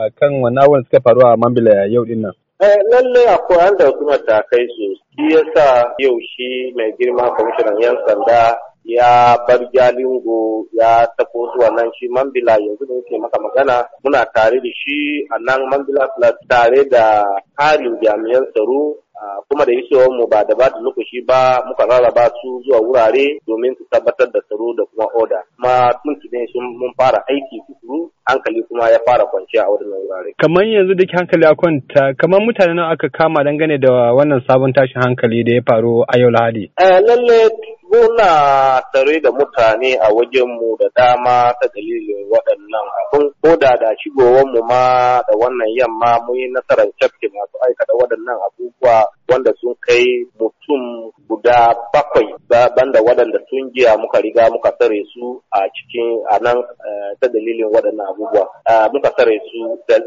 a kan wannan abubuwan suka faru a Mambila yau din nan? Eh, lallai akwai an ta matakai su shi sa yau shi mai girma kwamishinan yan sanda ya bar jalingo ya tafi zuwa nan shi mambila yanzu da yake maka magana muna tare da shi a nan mambila tare da halin jami'an tsaro ah, kuma da isowar mu ba da ba da lokaci ba muka rarraba su zuwa wurare domin su tabbatar da tsaro da kuma oda kuma tun tuni sun mun fara aiki su hankali kuma ya fara kwanciya a wannan wurare. Kamar yanzu duk hankali a kwanta, kamar mutane nawa aka kama dangane da wannan sabon tashin hankali da ya faru a yau Lahadi. Eh lalle muna tare da mutane a wajenmu da dama ta dalilin waɗannan abin ko da da shigowanmu ma da wannan yamma mun yi nasarar cafke masu aikata waɗannan abubuwa wanda sun kai mutum guda bakwai banda waɗanda sun jiya muka riga muka tsare su a cikin a nan eh, ta dalilin waɗannan abubuwa eh, muka tsare su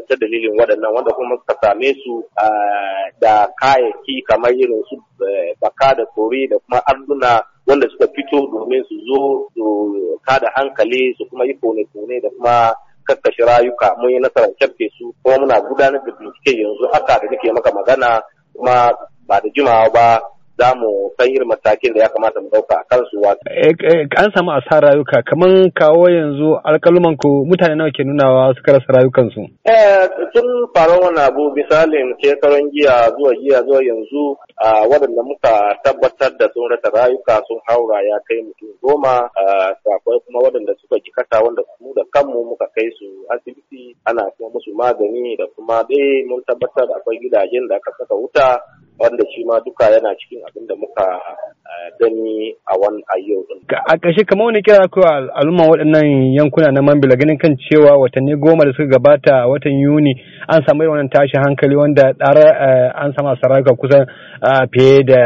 ta dalilin waɗannan wanda kuma suka same su eh, da kayayyaki kamar irin su baka da kori da kuma arduna wanda suka fito domin su zo su kada hankali su kuma yi kone-kone da kuma kakkashi rayuka mun yi nasarar cafke su kuma muna gudanar da bincike yanzu haka da nake maka magana kuma ba da jimawa ba za mu san irin matakin da ya kamata mu ɗauka a kansu wa. Eh, eh, an samu asarar rayuka kamar kawo yanzu alkaluman ku mutane nawa ke nunawa suka rasa rayukansu. Eh tun faruwar wani abu misalin shekaran giya zuwa giya zuwa yanzu waɗanda muka tabbatar da sun rasa rayuka sun haura ya kai mutum goma akwai kuma waɗanda suka jikata wanda mu da kanmu muka kai su asibiti ana kuma musu magani da kuma dai mun tabbatar akwai gidajen da aka saka wuta wanda shi ma duka yana cikin abin da muka gani a wani yau din. A ƙarshe kamar wani kira ku al'umma waɗannan yankuna na Mambila ganin kan cewa watanni goma da suka gabata watan Yuni an samu irin wannan tashi hankali wanda ɗara eh, an samu asarar kusan fiye da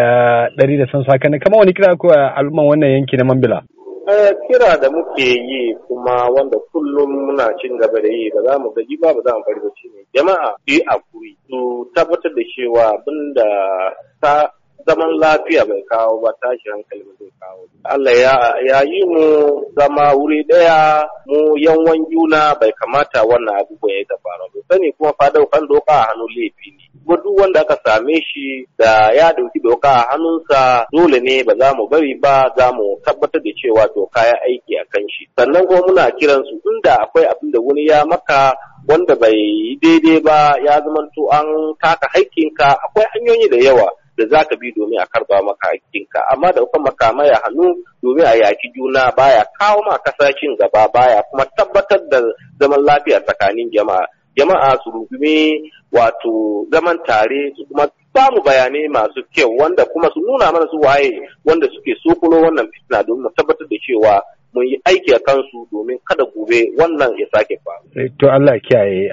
ɗari da san sakani kamar wani kira ko al'umman wannan yanki na mambila kira da muke yi kuma wanda kullum muna cin gaba da yi da za mu gaji ba ba za mu bari ba ne jama'a yi kuri. su tabbatar da cewa abinda ta zaman lafiya bai kawo ba tashi hankali ba zai kawo Allah ya yi mu zama wuri daya mu yanwan juna bai kamata wannan abubuwa ya faru ba sani kuma fadau doka a hannun laifi kuma duk wanda aka same shi da ya dauki doka a hannunsa dole ne ba za mu bari ba za mu tabbatar da cewa doka ya aiki a kan shi sannan kuma muna kiran su inda akwai abin da wani ya maka wanda bai yi daidai ba ya zama to an taka haƙƙinka akwai hanyoyi da yawa da za ka bi domin a karba maka hakkinka amma da kuma makamai a hannu domin a yaki juna baya kawo ma kasa cin gaba baya kuma tabbatar da zaman lafiya tsakanin jama'a jama'a su rungume wato zaman tare su kuma samu bayanai masu kyau wanda kuma su nuna mana su waye wanda suke sokulo wannan fitina domin mu tabbatar da cewa mun yi aiki a kansu domin kada gobe wannan ya sake faru. To Allah kiyaye.